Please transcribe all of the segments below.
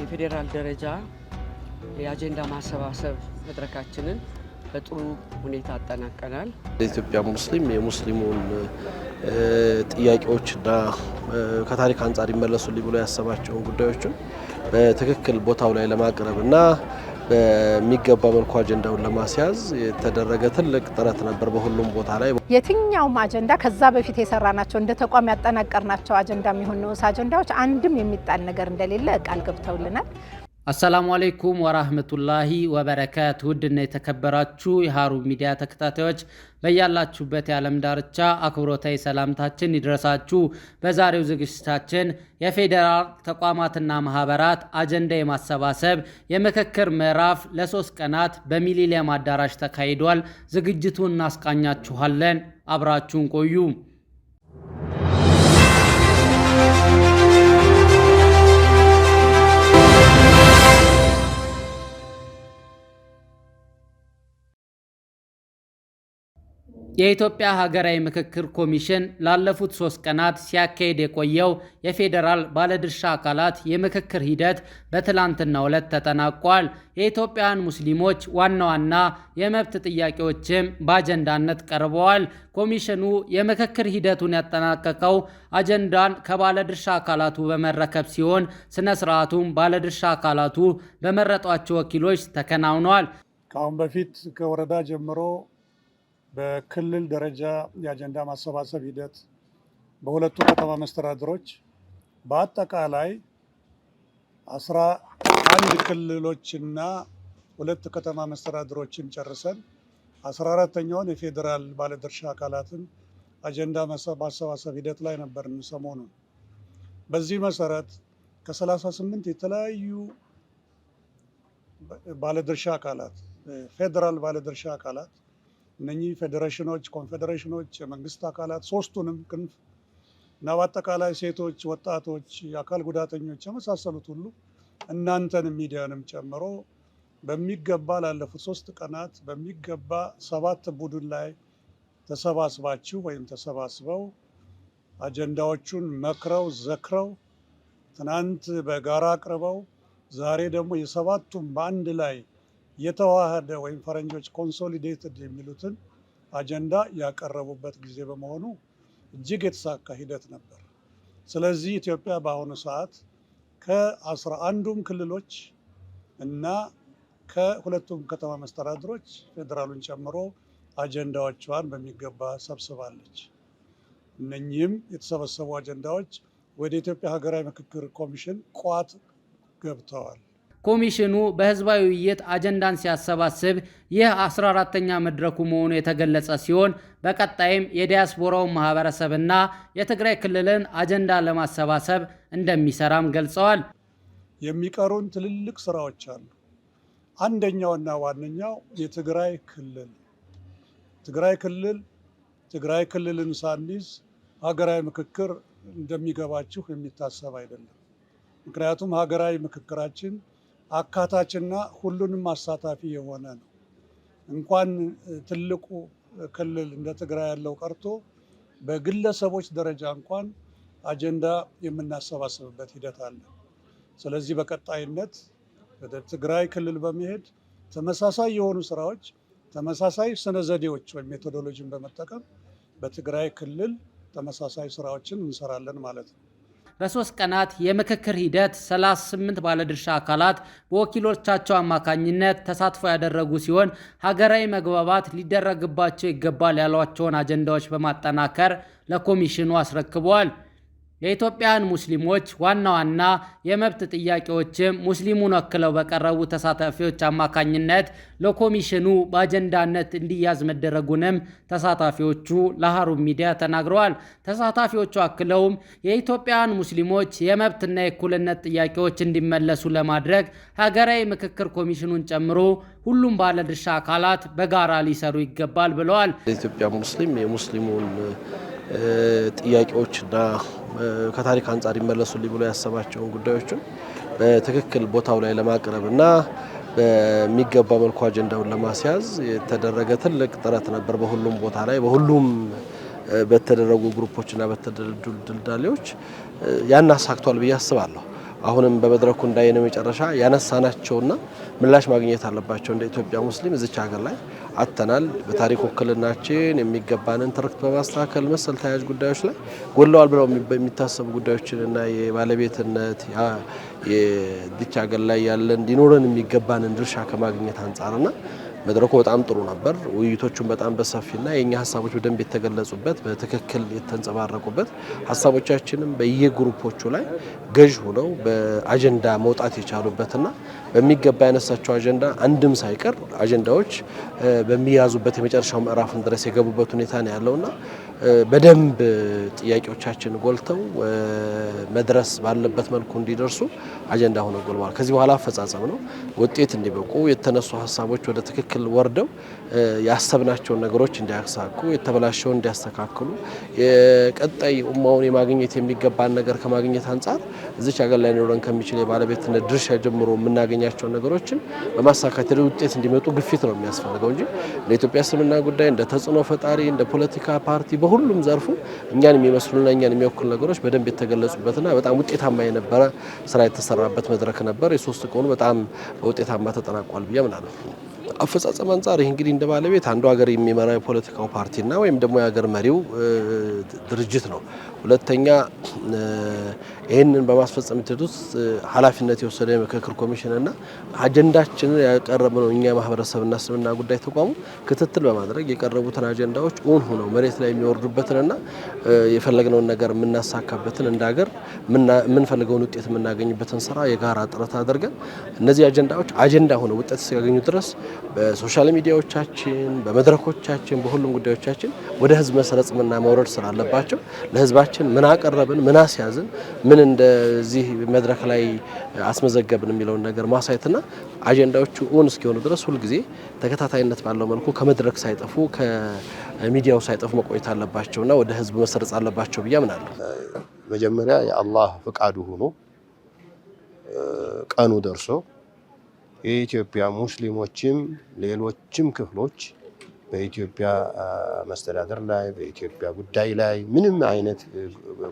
የፌዴራል ደረጃ የአጀንዳ ማሰባሰብ መድረካችንን በጥሩ ሁኔታ አጠናቀናል። ለኢትዮጵያ ሙስሊም የሙስሊሙን ጥያቄዎችና ከታሪክ አንጻር ይመለሱልኝ ብሎ ያሰባቸውን ጉዳዮችን በትክክል ቦታው ላይ ለማቅረብ እና በሚገባ መልኩ አጀንዳውን ለማስያዝ የተደረገ ትልቅ ጥረት ነበር። በሁሉም ቦታ ላይ የትኛውም አጀንዳ ከዛ በፊት ናቸው እንደ ተቋም ያጠናቀርናቸው አጀንዳ የሚሆን ንዑስ አጀንዳዎች አንድም የሚጣል ነገር እንደሌለ ቃል ገብተውልናል። አሰላሙ አሌይኩም ወራህመቱላሂ ወበረካት። ውድና የተከበራችሁ የሀሩን ሚዲያ ተከታታዮች በያላችሁበት የዓለም ዳርቻ አክብሮታዊ ሰላምታችን ይድረሳችሁ። በዛሬው ዝግጅታችን የፌዴራል ተቋማትና ማህበራት አጀንዳ የማሰባሰብ የምክክር ምዕራፍ ለሶስት ቀናት በሚሊኒየም አዳራሽ ተካሂዷል። ዝግጅቱን እናስቃኛችኋለን። አብራችሁን ቆዩ። የኢትዮጵያ ሀገራዊ ምክክር ኮሚሽን ላለፉት ሶስት ቀናት ሲያካሄድ የቆየው የፌዴራል ባለድርሻ አካላት የምክክር ሂደት በትላንትና ዕለት ተጠናቋል። የኢትዮጵያን ሙስሊሞች ዋና ዋና የመብት ጥያቄዎችም በአጀንዳነት ቀርበዋል። ኮሚሽኑ የምክክር ሂደቱን ያጠናቀቀው አጀንዳን ከባለድርሻ አካላቱ በመረከብ ሲሆን ስነ ስርዓቱም ባለድርሻ አካላቱ በመረጧቸው ወኪሎች ተከናውኗል። ከአሁን በፊት ከወረዳ ጀምሮ በክልል ደረጃ የአጀንዳ ማሰባሰብ ሂደት በሁለቱ ከተማ መስተዳድሮች በአጠቃላይ አስራ አንድ ክልሎችና ሁለት ከተማ መስተዳድሮችን ጨርሰን አስራ አራተኛውን የፌዴራል ባለድርሻ አካላትን አጀንዳ ማሰባሰብ ሂደት ላይ ነበርን ሰሞኑን። በዚህ መሰረት ከ38 የተለያዩ ባለድርሻ አካላት ፌዴራል ባለድርሻ አካላት እነኚህ ፌዴሬሽኖች፣ ኮንፌዴሬሽኖች፣ የመንግስት አካላት ሶስቱንም ክንፍ እና በአጠቃላይ ሴቶች፣ ወጣቶች፣ የአካል ጉዳተኞች የመሳሰሉት ሁሉ እናንተን ሚዲያንም ጨምሮ በሚገባ ላለፉት ሶስት ቀናት በሚገባ ሰባት ቡድን ላይ ተሰባስባችሁ ወይም ተሰባስበው አጀንዳዎቹን መክረው ዘክረው ትናንት በጋራ አቅርበው ዛሬ ደግሞ የሰባቱም በአንድ ላይ የተዋሃደ ወይም ፈረንጆች ኮንሶሊዴትድ የሚሉትን አጀንዳ ያቀረቡበት ጊዜ በመሆኑ እጅግ የተሳካ ሂደት ነበር። ስለዚህ ኢትዮጵያ በአሁኑ ሰዓት ከአስራ አንዱም ክልሎች እና ከሁለቱም ከተማ መስተዳድሮች ፌዴራሉን ጨምሮ አጀንዳዎቿን በሚገባ ሰብስባለች። እነኚህም የተሰበሰቡ አጀንዳዎች ወደ ኢትዮጵያ ሀገራዊ ምክክር ኮሚሽን ቋት ገብተዋል። ኮሚሽኑ በህዝባዊ ውይይት አጀንዳን ሲያሰባስብ ይህ 14ተኛ መድረኩ መሆኑ የተገለጸ ሲሆን በቀጣይም የዲያስፖራውን ማህበረሰብና የትግራይ ክልልን አጀንዳ ለማሰባሰብ እንደሚሰራም ገልጸዋል። የሚቀሩን ትልልቅ ስራዎች አሉ። አንደኛውና ዋነኛው የትግራይ ክልል ትግራይ ክልል ትግራይ ክልልን ሳንይዝ ሀገራዊ ምክክር እንደሚገባችሁ የሚታሰብ አይደለም። ምክንያቱም ሀገራዊ ምክክራችን አካታችና ሁሉንም አሳታፊ የሆነ ነው። እንኳን ትልቁ ክልል እንደ ትግራይ ያለው ቀርቶ በግለሰቦች ደረጃ እንኳን አጀንዳ የምናሰባስብበት ሂደት አለ። ስለዚህ በቀጣይነት ወደ ትግራይ ክልል በመሄድ ተመሳሳይ የሆኑ ስራዎች ተመሳሳይ ስነ ዘዴዎች ወይም ሜቶዶሎጂን በመጠቀም በትግራይ ክልል ተመሳሳይ ስራዎችን እንሰራለን ማለት ነው። በሶስት ቀናት የምክክር ሂደት 38 ባለድርሻ አካላት በወኪሎቻቸው አማካኝነት ተሳትፎ ያደረጉ ሲሆን ሀገራዊ መግባባት ሊደረግባቸው ይገባል ያሏቸውን አጀንዳዎች በማጠናከር ለኮሚሽኑ አስረክበዋል። የኢትዮጵያን ሙስሊሞች ዋና ዋና የመብት ጥያቄዎችም ሙስሊሙን ወክለው በቀረቡ ተሳታፊዎች አማካኝነት ለኮሚሽኑ በአጀንዳነት እንዲያዝ መደረጉንም ተሳታፊዎቹ ለሀሩ ሚዲያ ተናግረዋል። ተሳታፊዎቹ አክለውም የኢትዮጵያን ሙስሊሞች የመብትና የእኩልነት ጥያቄዎች እንዲመለሱ ለማድረግ ሀገራዊ ምክክር ኮሚሽኑን ጨምሮ ሁሉም ባለድርሻ አካላት በጋራ ሊሰሩ ይገባል ብለዋል። የኢትዮጵያ ሙስሊም የሙስሊሙን ጥያቄዎችና ከታሪክ አንጻር ይመለሱልኝ ብሎ ያሰባቸውን ጉዳዮችን በትክክል ቦታው ላይ ለማቅረብ እና በሚገባ መልኩ አጀንዳውን ለማስያዝ የተደረገ ትልቅ ጥረት ነበር። በሁሉም ቦታ ላይ በሁሉም በተደረጉ ግሩፖችና በተደረጁ ድልዳሌዎች ያን አሳክቷል ብዬ አስባለሁ። አሁንም በመድረኩ እንዳየነው መጨረሻ ያነሳናቸውና ምላሽ ማግኘት አለባቸው እንደ ኢትዮጵያ ሙስሊም እዚች ሀገር ላይ አተናል በታሪክ ውክልናችን የሚገባንን ትርክት በማስተካከል መሰል ተያያዥ ጉዳዮች ላይ ጎለዋል ብለው የሚታሰቡ ጉዳዮችንና የባለቤትነት የዚች ሀገር ላይ ያለ እንዲኖረን የሚገባንን ድርሻ ከማግኘት አንጻርና መድረኩ በጣም ጥሩ ነበር። ውይይቶቹን በጣም በሰፊና የእኛ ሀሳቦች በደንብ የተገለጹበት በትክክል የተንጸባረቁበት ሀሳቦቻችንም በየግሩፖቹ ላይ ገዥ ሆነው በአጀንዳ መውጣት የቻሉበትና በሚገባ ያነሳቸው አጀንዳ አንድም ሳይቀር አጀንዳዎች በሚያዙበት የመጨረሻው ምዕራፍን ድረስ የገቡበት ሁኔታ ነው ያለውና በደንብ ጥያቄዎቻችን ጎልተው መድረስ ባለበት መልኩ እንዲደርሱ አጀንዳ ሆኖ ጎልቧል ከዚህ በኋላ አፈጻጸም ነው ውጤት እንዲበቁ የተነሱ ሀሳቦች ወደ ትክክል ወርደው ያሰብናቸውን ነገሮች እንዲያሳኩ፣ የተበላሸውን እንዲያስተካክሉ፣ የቀጣይ ኡማውን የማግኘት የሚገባን ነገር ከማግኘት አንጻር እዚች ሀገር ላይ ኖረን ከሚችል የባለቤትነት ድርሻ ጀምሮ የምናገኛቸውን ነገሮችን በማሳካት ውጤት እንዲመጡ ግፊት ነው የሚያስፈልገው እንጂ እንደ ኢትዮጵያ እስልምና ጉዳይ እንደ ተጽዕኖ ፈጣሪ እንደ ፖለቲካ ፓርቲ በሁሉም ዘርፉ እኛን የሚመስሉና እኛን የሚወክሉ ነገሮች በደንብ የተገለጹበትና በጣም ውጤታማ የነበረ ስራ የተሰራበት መድረክ ነበር። የሶስት ቀኑ በጣም በውጤታማ ተጠናቋል ብዬ አምናለሁ። አፈጻጸም አንጻር ይህ እንግዲህ እንደ ባለቤት አንዱ ሀገር የሚመራ የፖለቲካው ፓርቲና ወይም ደግሞ የሀገር መሪው ድርጅት ነው። ሁለተኛ ይህንን በማስፈጸም ሂደት ውስጥ ኃላፊነት የወሰደ የምክክር ኮሚሽንና አጀንዳችንን ነው እኛ ማህበረሰብና እስልምና ጉዳይ ተቋሙ ክትትል በማድረግ የቀረቡትን አጀንዳዎች እውን ሆነው መሬት ላይ የሚወርዱበትንና የፈለግነውን ነገር የምናሳካበትን እንደ ሀገር የምንፈልገውን ውጤት የምናገኝበትን ስራ የጋራ ጥረት አድርገን እነዚህ አጀንዳዎች አጀንዳ ሆነው ውጤት እስካገኙ ድረስ በሶሻል ሚዲያዎቻችን፣ በመድረኮቻችን፣ በሁሉም ጉዳዮቻችን ወደ ህዝብ መሰረጽምና መውረድ ስራ አለባቸው። ለህዝባችን ምን አቀረብን፣ ምን አስያዝን ምን እንደዚህ መድረክ ላይ አስመዘገብን የሚለውን ነገር ማሳየትና አጀንዳዎቹ እውን እስኪሆኑ ድረስ ሁልጊዜ ተከታታይነት ባለው መልኩ ከመድረክ ሳይጠፉ ከሚዲያው ሳይጠፉ መቆየት አለባቸውና ወደ ህዝብ መሰረጽ አለባቸው ብዬ አምናለሁ። መጀመሪያ የአላህ ፍቃዱ ሆኖ ቀኑ ደርሶ የኢትዮጵያ ሙስሊሞችም ሌሎችም ክፍሎች በኢትዮጵያ መስተዳደር ላይ በኢትዮጵያ ጉዳይ ላይ ምንም አይነት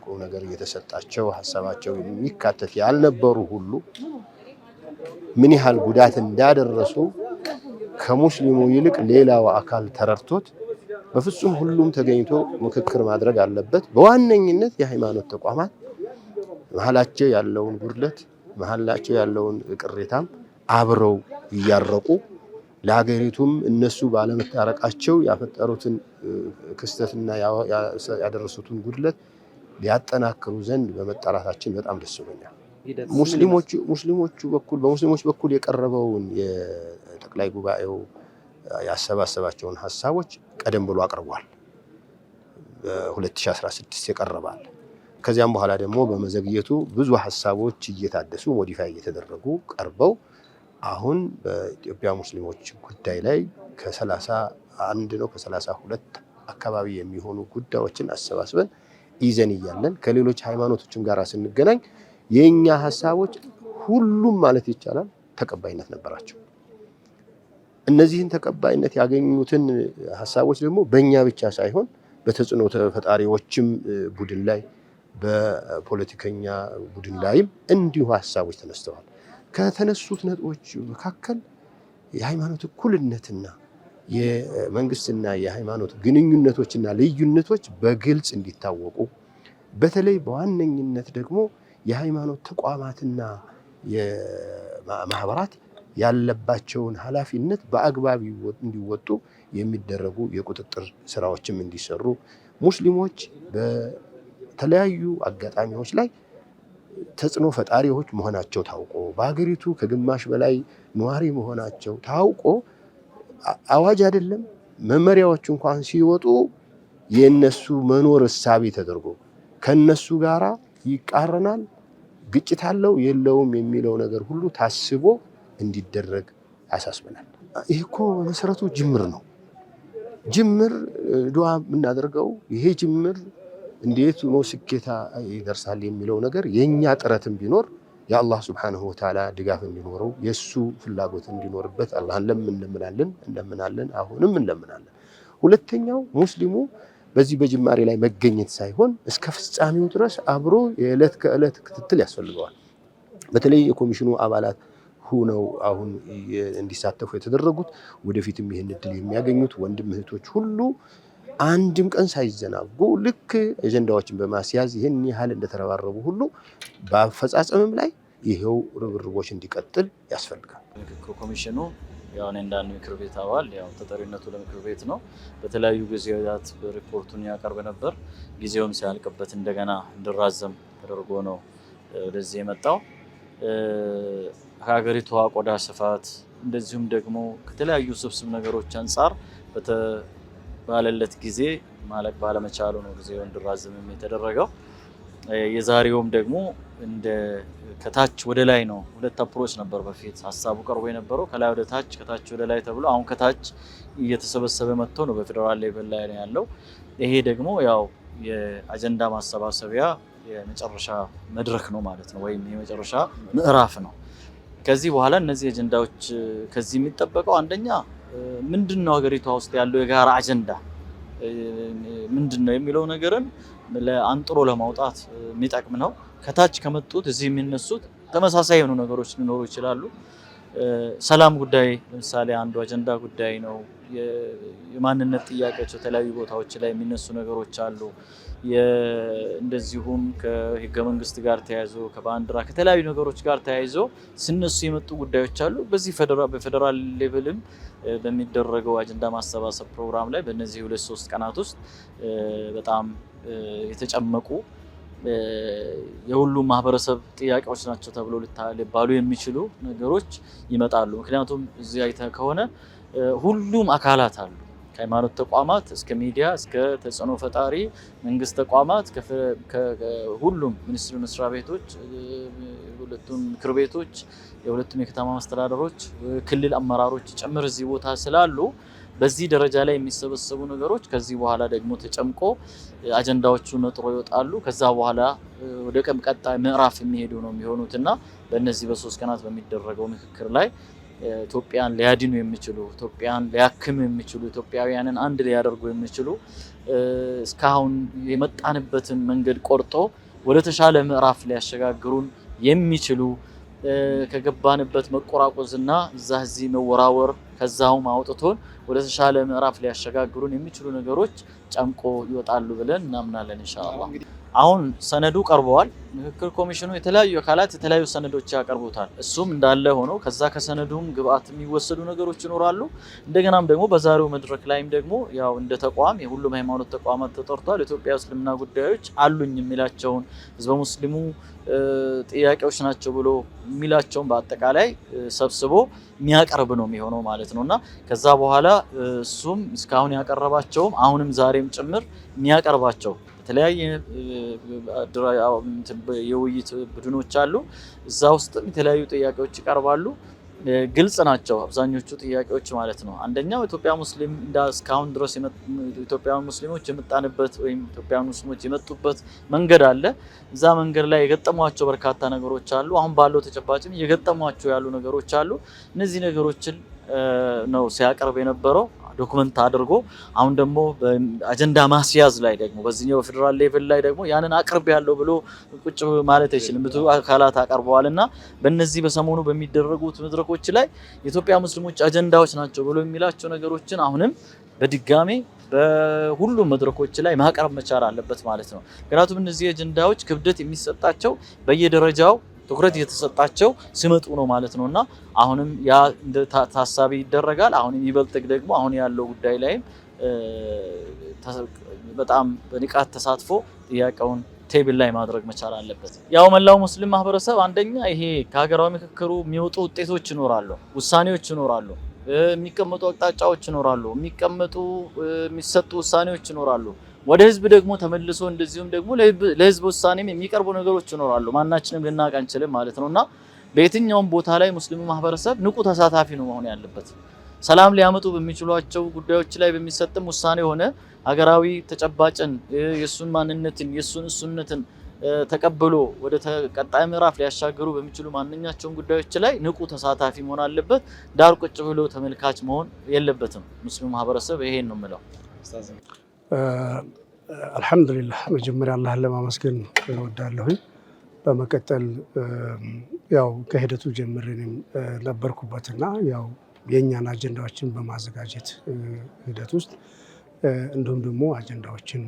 ቁም ነገር እየተሰጣቸው ሀሳባቸው የሚካተት ያልነበሩ ሁሉ ምን ያህል ጉዳት እንዳደረሱ ከሙስሊሙ ይልቅ ሌላው አካል ተረድቶት በፍጹም ሁሉም ተገኝቶ ምክክር ማድረግ አለበት። በዋነኝነት የሃይማኖት ተቋማት መሀላቸው ያለውን ጉድለት መሀላቸው ያለውን ቅሬታም አብረው እያረቁ ለሀገሪቱም እነሱ ባለመታረቃቸው ያፈጠሩትን ክስተትና ያደረሱትን ጉድለት ሊያጠናክሩ ዘንድ በመጣራታችን በጣም ደስ ብሎኛል። ሙስሊሞቹ በኩል በሙስሊሞች በኩል የቀረበውን የጠቅላይ ጉባኤው ያሰባሰባቸውን ሀሳቦች ቀደም ብሎ አቅርቧል። በ2016 ይቀርባል። ከዚያም በኋላ ደግሞ በመዘግየቱ ብዙ ሀሳቦች እየታደሱ ሞዲፋይ እየተደረጉ ቀርበው አሁን በኢትዮጵያ ሙስሊሞች ጉዳይ ላይ ከሰላሳ አንድ ነው ከሰላሳ ሁለት አካባቢ የሚሆኑ ጉዳዮችን አሰባስበን ይዘን እያለን ከሌሎች ሃይማኖቶችም ጋር ስንገናኝ የእኛ ሀሳቦች ሁሉም ማለት ይቻላል ተቀባይነት ነበራቸው። እነዚህን ተቀባይነት ያገኙትን ሀሳቦች ደግሞ በእኛ ብቻ ሳይሆን በተጽዕኖ ተፈጣሪዎችም ቡድን ላይ በፖለቲከኛ ቡድን ላይም እንዲሁ ሀሳቦች ተነስተዋል። ከተነሱት ነጥቦች መካከል የሃይማኖት እኩልነትና የመንግስትና የሃይማኖት ግንኙነቶችና ልዩነቶች በግልጽ እንዲታወቁ በተለይ በዋነኝነት ደግሞ የሃይማኖት ተቋማትና ማህበራት ያለባቸውን ኃላፊነት በአግባብ እንዲወጡ የሚደረጉ የቁጥጥር ስራዎችም እንዲሰሩ ሙስሊሞች በተለያዩ አጋጣሚዎች ላይ ተጽዕኖ ፈጣሪዎች መሆናቸው ታውቆ በሀገሪቱ ከግማሽ በላይ ነዋሪ መሆናቸው ታውቆ አዋጅ አይደለም መመሪያዎች እንኳን ሲወጡ የእነሱ መኖር እሳቤ ተደርጎ ከነሱ ጋራ ይቃረናል፣ ግጭት አለው የለውም የሚለው ነገር ሁሉ ታስቦ እንዲደረግ ያሳስበናል። ይህ እኮ መሰረቱ ጅምር ነው። ጅምር ድዋ የምናደርገው ይሄ ጅምር እንዴት ነው ስኬታ ይደርሳል የሚለው ነገር የእኛ ጥረትም ቢኖር የአላህ ስብሓነሁ ወተዓላ ድጋፍ እንዲኖረው የእሱ ፍላጎት እንዲኖርበት አላህን ለምን እንለምናለን እንለምናለን፣ አሁንም እንለምናለን። ሁለተኛው ሙስሊሙ በዚህ በጅማሬ ላይ መገኘት ሳይሆን እስከ ፍጻሜው ድረስ አብሮ የዕለት ከዕለት ክትትል ያስፈልገዋል። በተለይ የኮሚሽኑ አባላት ሁነው አሁን እንዲሳተፉ የተደረጉት ወደፊትም ይህን እድል የሚያገኙት ወንድም እህቶች ሁሉ አንድም ቀን ሳይዘናጉ ልክ አጀንዳዎችን በማስያዝ ይህን ያህል እንደተረባረቡ ሁሉ በአፈጻጸምም ላይ ይሄው ርብርቦች እንዲቀጥል ያስፈልጋል። ምክክር ኮሚሽኑ ያው እኔ ምክር ቤት አባል ያው ተጠሪነቱ ለምክር ቤት ነው። በተለያዩ ጊዜያት ሪፖርቱን ያቀርብ ነበር። ጊዜውም ሲያልቅበት እንደገና እንዲራዘም ተደርጎ ነው ወደዚህ የመጣው። ከሀገሪቷ ቆዳ ስፋት እንደዚሁም ደግሞ ከተለያዩ ስብስብ ነገሮች አንጻር ባለለት ጊዜ ማለቅ ባለመቻሉ ነው ጊዜው እንዲራዘምም የተደረገው። የዛሬውም ደግሞ እንደ ከታች ወደ ላይ ነው። ሁለት አፕሮች ነበር በፊት ሀሳቡ ቀርቦ የነበረው ከላይ ወደ ታች፣ ከታች ወደ ላይ ተብሎ አሁን ከታች እየተሰበሰበ መጥቶ ነው በፌዴራል ሌቨል ላይ ነው ያለው። ይሄ ደግሞ ያው የአጀንዳ ማሰባሰቢያ የመጨረሻ መድረክ ነው ማለት ነው፣ ወይም የመጨረሻ ምዕራፍ ነው። ከዚህ በኋላ እነዚህ አጀንዳዎች ከዚህ የሚጠበቀው አንደኛ ምንድን ነው ሀገሪቷ ውስጥ ያለው የጋራ አጀንዳ ምንድን ነው የሚለው ነገርን አንጥሮ ለማውጣት የሚጠቅም ነው። ከታች ከመጡት እዚህ የሚነሱት ተመሳሳይ የሆኑ ነገሮች ሊኖሩ ይችላሉ። ሰላም ጉዳይ ለምሳሌ አንዱ አጀንዳ ጉዳይ ነው። የማንነት ጥያቄያቸው የተለያዩ ቦታዎች ላይ የሚነሱ ነገሮች አሉ። እንደዚሁም ከህገ መንግስት ጋር ተያይዞ ከባንዲራ ከተለያዩ ነገሮች ጋር ተያይዞ ሲነሱ የመጡ ጉዳዮች አሉ። በዚህ በፌደራል ሌቭልም በሚደረገው አጀንዳ ማሰባሰብ ፕሮግራም ላይ በእነዚህ ሁለት ሶስት ቀናት ውስጥ በጣም የተጨመቁ የሁሉም ማህበረሰብ ጥያቄዎች ናቸው ተብሎ ሊባሉ የሚችሉ ነገሮች ይመጣሉ። ምክንያቱም እዚህ አይተህ ከሆነ ሁሉም አካላት አሉ። ከሃይማኖት ተቋማት እስከ ሚዲያ እስከ ተጽዕኖ ፈጣሪ መንግስት ተቋማት ሁሉም ሚኒስትር መስሪያ ቤቶች፣ ሁለቱም ምክር ቤቶች፣ የሁለቱም የከተማ መስተዳደሮች፣ ክልል አመራሮች ጭምር እዚህ ቦታ ስላሉ በዚህ ደረጃ ላይ የሚሰበሰቡ ነገሮች ከዚህ በኋላ ደግሞ ተጨምቆ አጀንዳዎቹ ነጥሮ ይወጣሉ። ከዛ በኋላ ወደ ቀጣይ ምዕራፍ የሚሄዱ ነው የሚሆኑት እና በእነዚህ በሶስት ቀናት በሚደረገው ምክክር ላይ ኢትዮጵያን ሊያድኑ የሚችሉ ኢትዮጵያን ሊያክሙ የሚችሉ ኢትዮጵያውያንን አንድ ሊያደርጉ የሚችሉ እስካሁን የመጣንበትን መንገድ ቆርጦ ወደ ተሻለ ምዕራፍ ሊያሸጋግሩን የሚችሉ ከገባንበት መቆራቆዝና እዛ እዚህ መወራወር ከዛውም አውጥቶን ወደ ተሻለ ምዕራፍ ሊያሸጋግሩን የሚችሉ ነገሮች ጨምቆ ይወጣሉ ብለን እናምናለን ኢንሻአላህ። አሁን ሰነዱ ቀርበዋል። ምክክር ኮሚሽኑ የተለያዩ አካላት የተለያዩ ሰነዶች ያቀርቡታል። እሱም እንዳለ ሆኖ ከዛ ከሰነዱም ግብአት የሚወሰዱ ነገሮች ይኖራሉ። እንደገናም ደግሞ በዛሬው መድረክ ላይም ደግሞ ያው እንደ ተቋም የሁሉም ሃይማኖት ተቋማት ተጠርቷል። ኢትዮጵያ እስልምና ጉዳዮች አሉኝ የሚላቸውን ህዝበ ሙስሊሙ ጥያቄዎች ናቸው ብሎ የሚላቸውን በአጠቃላይ ሰብስቦ የሚያቀርብ ነው የሚሆነው ማለት ነው እና ከዛ በኋላ እሱም እስካሁን ያቀረባቸውም አሁንም ዛሬም ጭምር የሚያቀርባቸው የተለያየ የውይይት ቡድኖች አሉ። እዛ ውስጥም የተለያዩ ጥያቄዎች ይቀርባሉ። ግልጽ ናቸው አብዛኞቹ ጥያቄዎች ማለት ነው። አንደኛው ኢትዮጵያ ሙስሊም እስካሁን ድረስ ኢትዮጵያ ሙስሊሞች የመጣንበት ወይም ኢትዮጵያ ሙስሊሞች የመጡበት መንገድ አለ። እዛ መንገድ ላይ የገጠሟቸው በርካታ ነገሮች አሉ። አሁን ባለው ተጨባጭም እየገጠሟቸው ያሉ ነገሮች አሉ። እነዚህ ነገሮችን ነው ሲያቀርብ የነበረው። ዶክመንት አድርጎ አሁን ደግሞ አጀንዳ ማስያዝ ላይ ደግሞ በዚህኛው በፌዴራል ሌቭል ላይ ደግሞ ያንን አቅርብ ያለው ብሎ ቁጭ ማለት አይችልም። ብዙ አካላት አቀርበዋል እና በእነዚህ በሰሞኑ በሚደረጉት መድረኮች ላይ የኢትዮጵያ ሙስሊሞች አጀንዳዎች ናቸው ብሎ የሚላቸው ነገሮችን አሁንም በድጋሜ በሁሉም መድረኮች ላይ ማቅረብ መቻል አለበት ማለት ነው። ምክንያቱም እነዚህ አጀንዳዎች ክብደት የሚሰጣቸው በየደረጃው ትኩረት እየተሰጣቸው ሲመጡ ነው ማለት ነው እና አሁንም ያ ታሳቢ ይደረጋል። አሁንም ይበልጥ ደግሞ አሁን ያለው ጉዳይ ላይም በጣም በንቃት ተሳትፎ ጥያቄውን ቴብል ላይ ማድረግ መቻል አለበት። ያው መላው ሙስሊም ማህበረሰብ አንደኛ ይሄ ከሀገራዊ ምክክሩ የሚወጡ ውጤቶች ይኖራሉ፣ ውሳኔዎች ይኖራሉ፣ የሚቀመጡ አቅጣጫዎች ይኖራሉ፣ የሚቀመጡ የሚሰጡ ውሳኔዎች ይኖራሉ። ወደ ህዝብ ደግሞ ተመልሶ እንደዚሁም ደግሞ ለህዝብ ውሳኔም የሚቀርቡ ነገሮች ይኖራሉ። ማናችንም ልናውቅ አንችልም ማለት ነው እና በየትኛውም ቦታ ላይ ሙስሊሙ ማህበረሰብ ንቁ ተሳታፊ ነው መሆን ያለበት። ሰላም ሊያመጡ በሚችሏቸው ጉዳዮች ላይ በሚሰጥም ውሳኔ ሆነ ሀገራዊ ተጨባጭን የእሱን ማንነትን የእሱን እሱነትን ተቀብሎ ወደ ቀጣይ ምዕራፍ ሊያሻገሩ በሚችሉ ማንኛቸውም ጉዳዮች ላይ ንቁ ተሳታፊ መሆን አለበት። ዳር ቁጭ ብሎ ተመልካች መሆን የለበትም። ሙስሊሙ ማህበረሰብ ይሄን ነው የምለው። አልሐምዱሊላህ መጀመሪያ አላህን ለማመስገን እወዳለሁኝ። በመቀጠል ያው ከሂደቱ ጀምሬ ነበርኩበትና ያው የእኛን አጀንዳዎችን በማዘጋጀት ሂደት ውስጥ እንዲሁም ደግሞ አጀንዳዎችን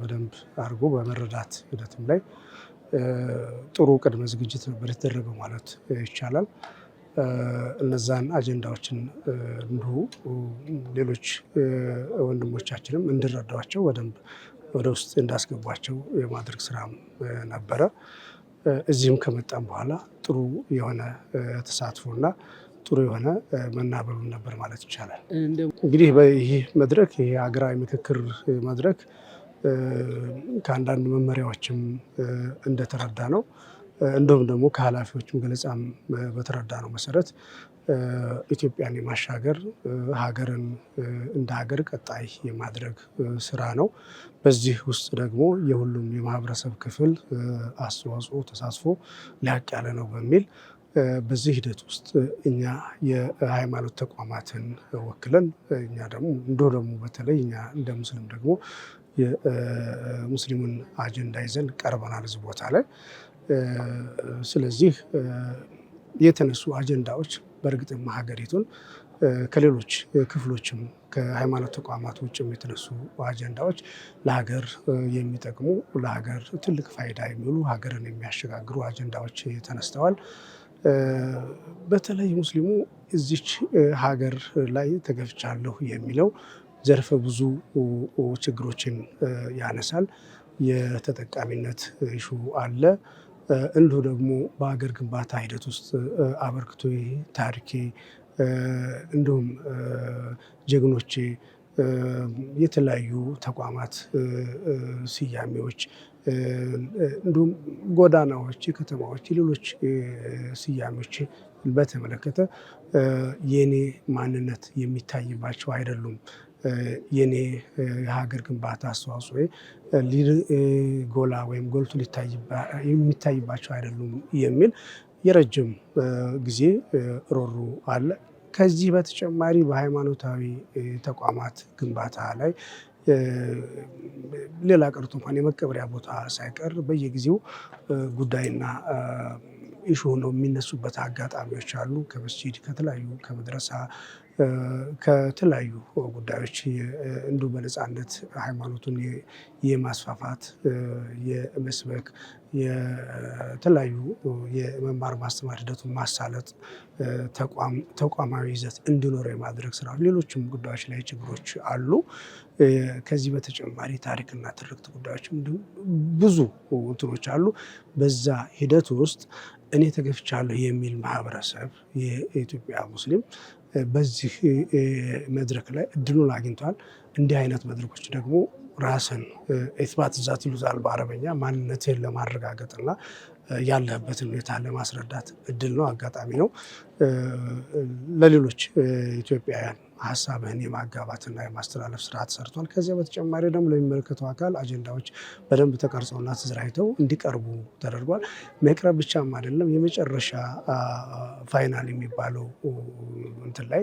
በደንብ አድርጎ በመረዳት ሂደትም ላይ ጥሩ ቅድመ ዝግጅት ነበር የተደረገው ማለት ይቻላል። እነዛን አጀንዳዎችን እንዲሁ ሌሎች ወንድሞቻችንም እንዲረዷቸው በደንብ ወደ ውስጥ እንዳስገቧቸው የማድረግ ስራም ነበረ። እዚህም ከመጣም በኋላ ጥሩ የሆነ ተሳትፎና ጥሩ የሆነ መናበብም ነበር ማለት ይቻላል። እንግዲህ ይህ መድረክ ይህ ሀገራዊ ምክክር መድረክ ከአንዳንድ መመሪያዎችም እንደተረዳ ነው እንዲሁም ደግሞ ከኃላፊዎችም ገለጻም በተረዳ ነው መሰረት ኢትዮጵያን የማሻገር ሀገርን እንደ ሀገር ቀጣይ የማድረግ ስራ ነው። በዚህ ውስጥ ደግሞ የሁሉም የማህበረሰብ ክፍል አስተዋጽኦ፣ ተሳትፎ ሊያቅ ያለ ነው በሚል በዚህ ሂደት ውስጥ እኛ የሃይማኖት ተቋማትን ወክለን እኛ ደግሞ እንዶ ደግሞ በተለይ እኛ እንደ ሙስሊም ደግሞ የሙስሊሙን አጀንዳ ይዘን ቀርበናል እዚህ ቦታ ላይ ስለዚህ የተነሱ አጀንዳዎች በእርግጥም ሀገሪቱን ከሌሎች ክፍሎችም ከሃይማኖት ተቋማት ውጭም የተነሱ አጀንዳዎች ለሀገር የሚጠቅሙ ለሀገር ትልቅ ፋይዳ የሚውሉ ሀገርን የሚያሸጋግሩ አጀንዳዎች ተነስተዋል። በተለይ ሙስሊሙ እዚች ሀገር ላይ ተገፍቻለሁ የሚለው ዘርፈ ብዙ ችግሮችን ያነሳል። የተጠቃሚነት ኢሹ አለ። እንዲሁ ደግሞ በሀገር ግንባታ ሂደት ውስጥ አበርክቶ ታሪኬ እንዲሁም ጀግኖቼ የተለያዩ ተቋማት ስያሜዎች እንዲሁም ጎዳናዎች፣ ከተማዎች፣ ሌሎች ስያሜዎች በተመለከተ የኔ ማንነት የሚታይባቸው አይደሉም። የኔ የሀገር ግንባታ አስተዋጽኦ ጎላ ወይም ጎልቶ የሚታይባቸው አይደሉም የሚል የረጅም ጊዜ ሮሮ አለ። ከዚህ በተጨማሪ በሃይማኖታዊ ተቋማት ግንባታ ላይ ሌላ ቀርቶ እንኳን የመቀበሪያ ቦታ ሳይቀር በየጊዜው ጉዳይና ኢሹ ሆነው የሚነሱበት አጋጣሚዎች አሉ። ከመስጂድ ከተለያዩ ከመድረሳ ከተለያዩ ጉዳዮች እንዲሁ በነፃነት ሃይማኖቱን የማስፋፋት የመስበክ የተለያዩ የመማር ማስተማር ሂደቱን ማሳለጥ ተቋማዊ ይዘት እንዲኖረው የማድረግ ስራ፣ ሌሎችም ጉዳዮች ላይ ችግሮች አሉ። ከዚህ በተጨማሪ ታሪክና ትርክት ጉዳዮች ብዙ እንትኖች አሉ። በዛ ሂደት ውስጥ እኔ ተገፍቻለሁ የሚል ማህበረሰብ የኢትዮጵያ ሙስሊም በዚህ መድረክ ላይ እድሉን አግኝቷል። እንዲህ አይነት መድረኮች ደግሞ ራስን ኢትባት ዛት ይሉታል በአረበኛ ማንነትህን ለማረጋገጥና ያለህበትን ሁኔታ ለማስረዳት እድል ነው፣ አጋጣሚ ነው። ለሌሎች ኢትዮጵያውያን ሀሳብህን የማጋባትና የማስተላለፍ ስርዓት ሰርቷል። ከዚያ በተጨማሪ ደግሞ ለሚመለከተው አካል አጀንዳዎች በደንብ ተቀርጸውና ተዘራጅተው እንዲቀርቡ ተደርጓል። መቅረብ ብቻም አይደለም የመጨረሻ ፋይናል የሚባለው እንትን ላይ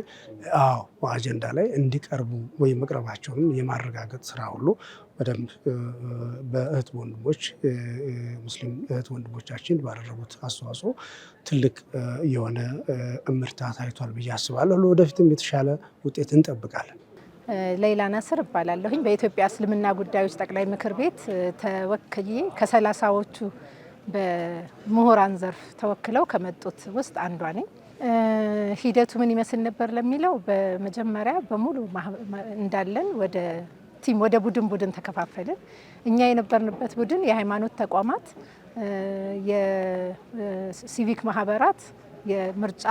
አዎ አጀንዳ ላይ እንዲቀርቡ ወይም መቅረባቸውንም የማረጋገጥ ስራ ሁሉ በደንብ በእህት ወንድሞች ሙስሊም እህት ወንድሞቻችን ባደረጉት አስተዋጽኦ ትልቅ የሆነ እምርታ ታይቷል ብዬ አስባለሁ። ለወደፊትም የተሻለ ውጤት እንጠብቃለን። ለይላ ናስር እባላለሁኝ በኢትዮጵያ እስልምና ጉዳዮች ጠቅላይ ምክር ቤት ተወክዬ ከሰላሳዎቹ በምሁራን ዘርፍ ተወክለው ከመጡት ውስጥ አንዷ ነኝ። ሂደቱ ምን ይመስል ነበር ለሚለው በመጀመሪያ በሙሉ እንዳለን ወደ ቲም ወደ ቡድን ቡድን ተከፋፈልን። እኛ የነበርንበት ቡድን የሃይማኖት ተቋማት፣ የሲቪክ ማህበራት፣ የምርጫ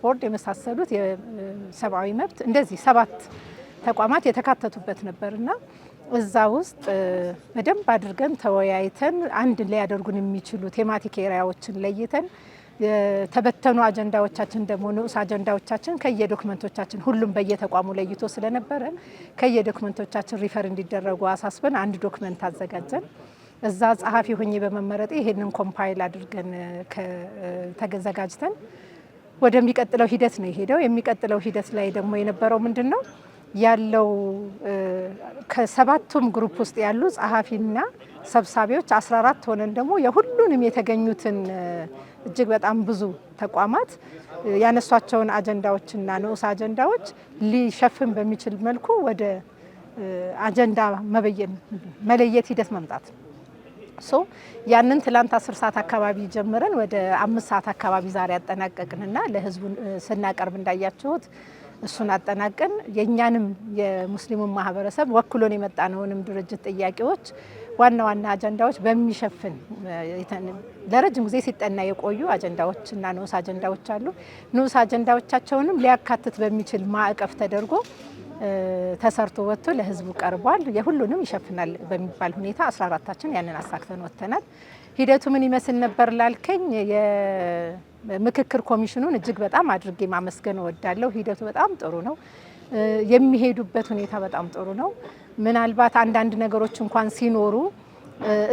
ቦርድ የመሳሰሉት የሰብአዊ መብት እንደዚህ ሰባት ተቋማት የተካተቱበት ነበርና እዛ ውስጥ በደንብ አድርገን ተወያይተን አንድ ሊያደርጉን የሚችሉ ቴማቲክ ኤሪያዎችን ለይተን የተበተኑ አጀንዳዎቻችን ደግሞ ንዑስ አጀንዳዎቻችን ከየዶክመንቶቻችን ሁሉም በየተቋሙ ለይቶ ስለነበረ ከየዶክመንቶቻችን ሪፈር እንዲደረጉ አሳስበን አንድ ዶክመንት አዘጋጀን። እዛ ጸሐፊ ሆኜ በመመረጤ ይሄንን ኮምፓይል አድርገን ተዘጋጅተን ወደሚቀጥለው ሂደት ነው የሄደው። የሚቀጥለው ሂደት ላይ ደግሞ የነበረው ምንድን ነው? ያለው ከሰባቱም ግሩፕ ውስጥ ያሉ ጸሐፊና ሰብሳቢዎች 14 ሆነን ደግሞ የሁሉንም የተገኙትን እጅግ በጣም ብዙ ተቋማት ያነሷቸውን አጀንዳዎችና ንዑስ አጀንዳዎች ሊሸፍን በሚችል መልኩ ወደ አጀንዳ መበየን መለየት ሂደት መምጣት ሶ ያንን ትላንት አስር ሰዓት አካባቢ ጀምረን ወደ አምስት ሰዓት አካባቢ ዛሬ ያጠናቀቅንና ለህዝቡ ስናቀርብ እንዳያችሁት እሱን አጠናቀን የእኛንም የሙስሊሙን ማህበረሰብ ወክሎን የመጣነውንም ድርጅት ጥያቄዎች ዋና ዋና አጀንዳዎች በሚሸፍን ለረጅም ጊዜ ሲጠና የቆዩ እና ንዑስ አጀንዳዎች አሉ። ንዑስ አጀንዳዎቻቸውንም ሊያካትት በሚችል ማዕቀፍ ተደርጎ ተሰርቶ ወጥቶ ለህዝቡ ቀርቧል። የሁሉንም ይሸፍናል በሚባል ሁኔታ 14 አራታችን ያንን አሳክተን ወጥተናል። ሂደቱ ምን ይመስል ነበር ላልከኝ የምክክር ኮሚሽኑን እጅግ በጣም አድርጌ ማመስገን እወዳለሁ። ሂደቱ በጣም ጥሩ ነው። የሚሄዱበት ሁኔታ በጣም ጥሩ ነው። ምናልባት አንዳንድ ነገሮች እንኳን ሲኖሩ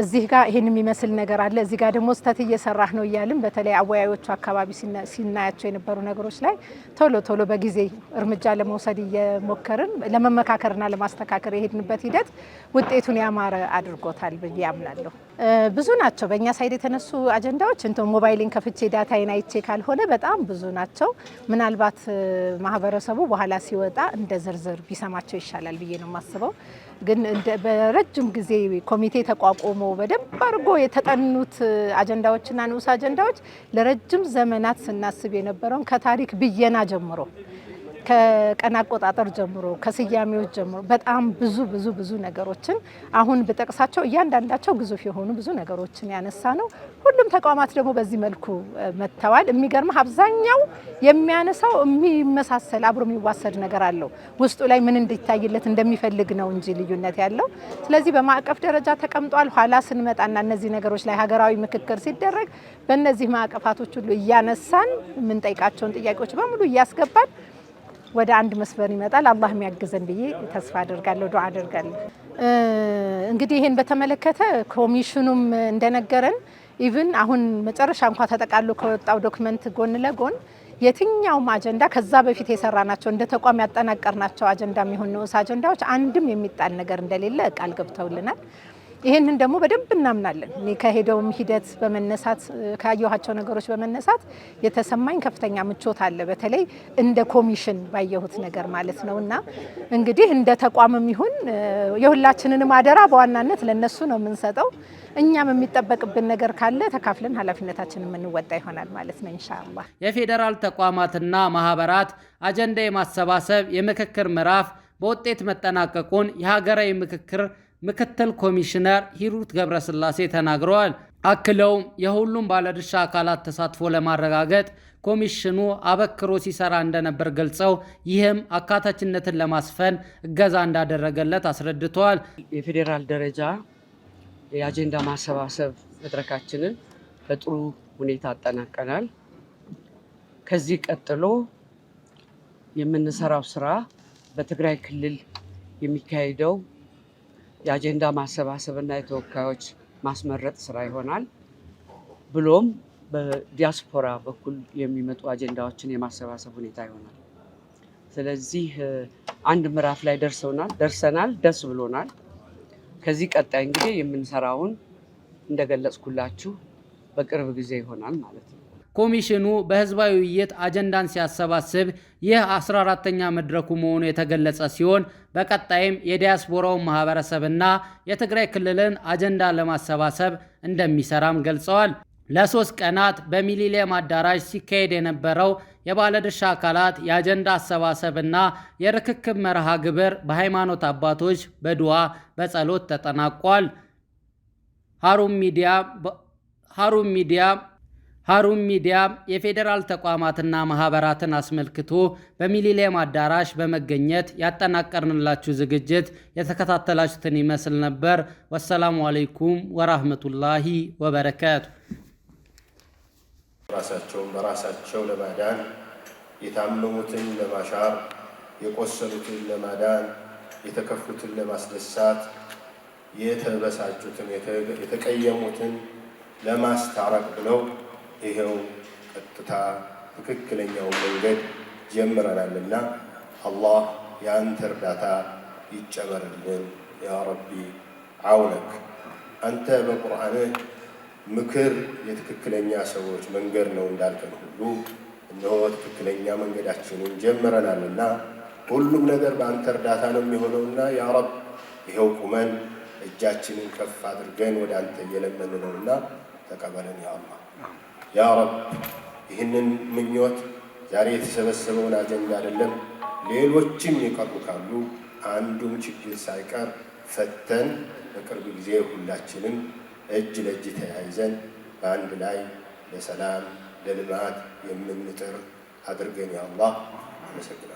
እዚህ ጋር ይሄን የሚመስል ነገር አለ፣ እዚህ ጋር ደግሞ ስህተት እየሰራህ ነው እያልን በተለይ አወያዮቹ አካባቢ ሲናያቸው የነበሩ ነገሮች ላይ ቶሎ ቶሎ በጊዜ እርምጃ ለመውሰድ እየሞከርን ለመመካከርና ለማስተካከር የሄድንበት ሂደት ውጤቱን ያማረ አድርጎታል ብዬ አምናለሁ። ብዙ ናቸው። በእኛ ሳይድ የተነሱ አጀንዳዎች እንትን ሞባይልን ከፍቼ ዳታዬን አይቼ ካልሆነ በጣም ብዙ ናቸው። ምናልባት ማህበረሰቡ በኋላ ሲወጣ እንደ ዝርዝር ቢሰማቸው ይሻላል ብዬ ነው የማስበው። ግን በረጅም ጊዜ ኮሚቴ ተቋቁሞ በደንብ አድርጎ የተጠኑት አጀንዳዎችና ንዑስ አጀንዳዎች ለረጅም ዘመናት ስናስብ የነበረውን ከታሪክ ብየና ጀምሮ ከቀን አቆጣጠር ጀምሮ ከስያሜዎች ጀምሮ በጣም ብዙ ብዙ ብዙ ነገሮችን አሁን ብጠቅሳቸው እያንዳንዳቸው ግዙፍ የሆኑ ብዙ ነገሮችን ያነሳ ነው። ሁሉም ተቋማት ደግሞ በዚህ መልኩ መጥተዋል። የሚገርምህ አብዛኛው የሚያነሳው የሚመሳሰል አብሮ የሚዋሰድ ነገር አለው። ውስጡ ላይ ምን እንዲታይለት እንደሚፈልግ ነው እንጂ ልዩነት ያለው። ስለዚህ በማዕቀፍ ደረጃ ተቀምጧል። ኋላ ስንመጣና እነዚህ ነገሮች ላይ ሀገራዊ ምክክር ሲደረግ በእነዚህ ማዕቀፋቶች ሁሉ እያነሳን የምንጠይቃቸውን ጥያቄዎች በሙሉ እያስገባል ወደ አንድ መስመር ይመጣል። አላህ የሚያግዘን ብዬ ተስፋ አደርጋለሁ፣ ዱዓ አደርጋለሁ። እንግዲህ ይህን በተመለከተ ኮሚሽኑም እንደነገረን ኢቭን አሁን መጨረሻ እንኳ ተጠቃሎ ከወጣው ዶክመንት ጎን ለጎን የትኛውም አጀንዳ ከዛ በፊት የሰራ ናቸው እንደ ተቋም ናቸው አጀንዳ የሚሆን ንዑስ አጀንዳዎች አንድም የሚጣል ነገር እንደሌለ ቃል ገብተውልናል። ይህንን ደግሞ በደንብ እናምናለን። እኔ ከሄደውም ሂደት በመነሳት ካየኋቸው ነገሮች በመነሳት የተሰማኝ ከፍተኛ ምቾት አለ። በተለይ እንደ ኮሚሽን ባየሁት ነገር ማለት ነው እና እንግዲህ እንደ ተቋምም ይሁን የሁላችንንም አደራ በዋናነት ለነሱ ነው የምንሰጠው። እኛም የሚጠበቅብን ነገር ካለ ተካፍለን ኃላፊነታችን የምንወጣ ይሆናል ማለት ነው ኢንሻአላህ። የፌዴራል ተቋማትና ማህበራት አጀንዳ የማሰባሰብ የምክክር ምዕራፍ በውጤት መጠናቀቁን የሀገራዊ ምክክር ምክትል ኮሚሽነር ሂሩት ገብረስላሴ ተናግረዋል። አክለውም የሁሉም ባለድርሻ አካላት ተሳትፎ ለማረጋገጥ ኮሚሽኑ አበክሮ ሲሰራ እንደነበር ገልጸው ይህም አካታችነትን ለማስፈን እገዛ እንዳደረገለት አስረድተዋል። የፌዴራል ደረጃ የአጀንዳ ማሰባሰብ መድረካችንን በጥሩ ሁኔታ አጠናቀናል። ከዚህ ቀጥሎ የምንሰራው ስራ በትግራይ ክልል የሚካሄደው የአጀንዳ ማሰባሰብና የተወካዮች ማስመረጥ ስራ ይሆናል። ብሎም በዲያስፖራ በኩል የሚመጡ አጀንዳዎችን የማሰባሰብ ሁኔታ ይሆናል። ስለዚህ አንድ ምዕራፍ ላይ ደርሰውናል ደርሰናል፣ ደስ ብሎናል። ከዚህ ቀጣይ እንግዲህ የምንሰራውን እንደገለጽኩላችሁ በቅርብ ጊዜ ይሆናል ማለት ነው። ኮሚሽኑ በህዝባዊ ውይይት አጀንዳን ሲያሰባስብ ይህ 14ተኛ መድረኩ መሆኑ የተገለጸ ሲሆን በቀጣይም የዲያስፖራውን ማህበረሰብና የትግራይ ክልልን አጀንዳ ለማሰባሰብ እንደሚሰራም ገልጸዋል። ለሶስት ቀናት በሚሊሊየም አዳራሽ ሲካሄድ የነበረው የባለድርሻ አካላት የአጀንዳ አሰባሰብና የርክክብ መርሃ ግብር በሃይማኖት አባቶች በድዋ በጸሎት ተጠናቋል። ሀሩን ሚዲያ ሀሩን ሚዲያ የፌዴራል ተቋማትና ማህበራትን አስመልክቶ በሚሊሊየም አዳራሽ በመገኘት ያጠናቀርንላችሁ ዝግጅት የተከታተላችሁትን ይመስል ነበር። ወሰላሙ አለይኩም ወራህመቱላሂ ወበረከቱ። ራሳቸውን በራሳቸው ለማዳን የታመሙትን ለማሻር የቆሰሉትን ለማዳን የተከፉትን ለማስደሳት የተበሳጩትን የተቀየሙትን ለማስታረቅ ብለው ይኸው ቀጥታ ትክክለኛውን መንገድ ጀምረናልና አላህ የአንተ እርዳታ ይጨመርልን። ያ ረቢ አውነክ አንተ በቁርአንህ ምክር የትክክለኛ ሰዎች መንገድ ነው እንዳልከን ሁሉ እነሆ ትክክለኛ መንገዳችንን ጀምረናልና ሁሉም ነገር በአንተ እርዳታ ነው የሚሆነውና ያ ረብ ይኸው ቁመን እጃችንን ከፍ አድርገን ወደ አንተ እየለመን ነውና ተቀበለን ያ አላህ። ያ ረብ ይህንን ምኞት ዛሬ የተሰበሰበውን አጀንዳ አይደለም ሌሎችም የቀሩ ካሉ አንዱም ችግር ሳይቀር ፈተን በቅርብ ጊዜ ሁላችንም እጅ ለእጅ ተያይዘን በአንድ ላይ ለሰላም ለልማት የምንጥር አድርገን። ያ አላህ አመሰግናለሁ።